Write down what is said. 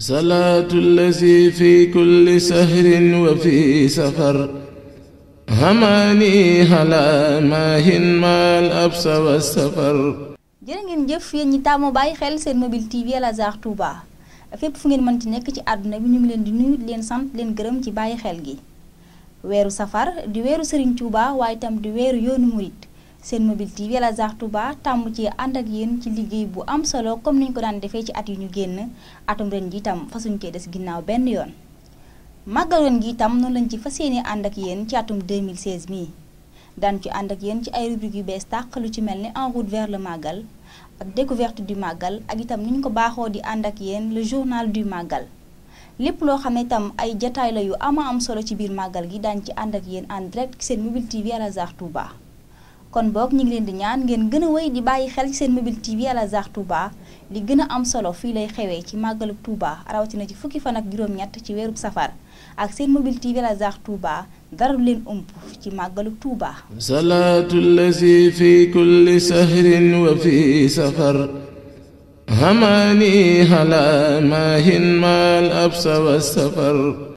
salaatu allazi fi kulli sahrin wa fi safar hamani hala maahin maal absa wa safar jërë ngeen jëf yéen ñi taamu bàyyi xel seen mobile tv El Azhar Touba fépp fu ngeen mënti nekk ci àdduna bi ñu leen di nuyu leen sant leen gërëm ci bàyyi xel gi weeru safar di weeru sëriñ Touba waaye itam di weeru yoonu murit seen mobile TV El Azhar Touba tàmm ci ànd ak yéen ci liggéey bu am solo comme ni ñu ko daan defee ci at yu ñu génn atum ren ji itam fasuñ cee des ginnaaw benn yoon màggal ren gi itam noonu lañ ci fas yéene ànd ak yéen ci atum 2016 mii daan ci ànd ak yéen ci ay rubrique yu bees tàq lu ci mel ni en route vers le màggal ak découverte du màggal ak itam ni ñu ko baaxoo di àndak ak yéen le journal du màggal lépp loo xam ne itam ay jataay la yu ama am solo ci biir màggal gi daan ci ànd ak yéen en direct seen mobile TV Al Azhar Touba kon boog ñu ngi leen di ñaan ngeen gën a wéy di bàyyi xel ci seen mobile TV Al Azhar Touba li gën a am solo fii lay xewee ci màggalub Touba rawatina ci fukki fan ak juróom-ñett ci weerub safar ak seen mobile TV Al Azhar Touba dara leen ëmb ci màggalub Touba salaatu lazi fi kulli sahrin wa fi safar hamani hala mahin mal absa wa safar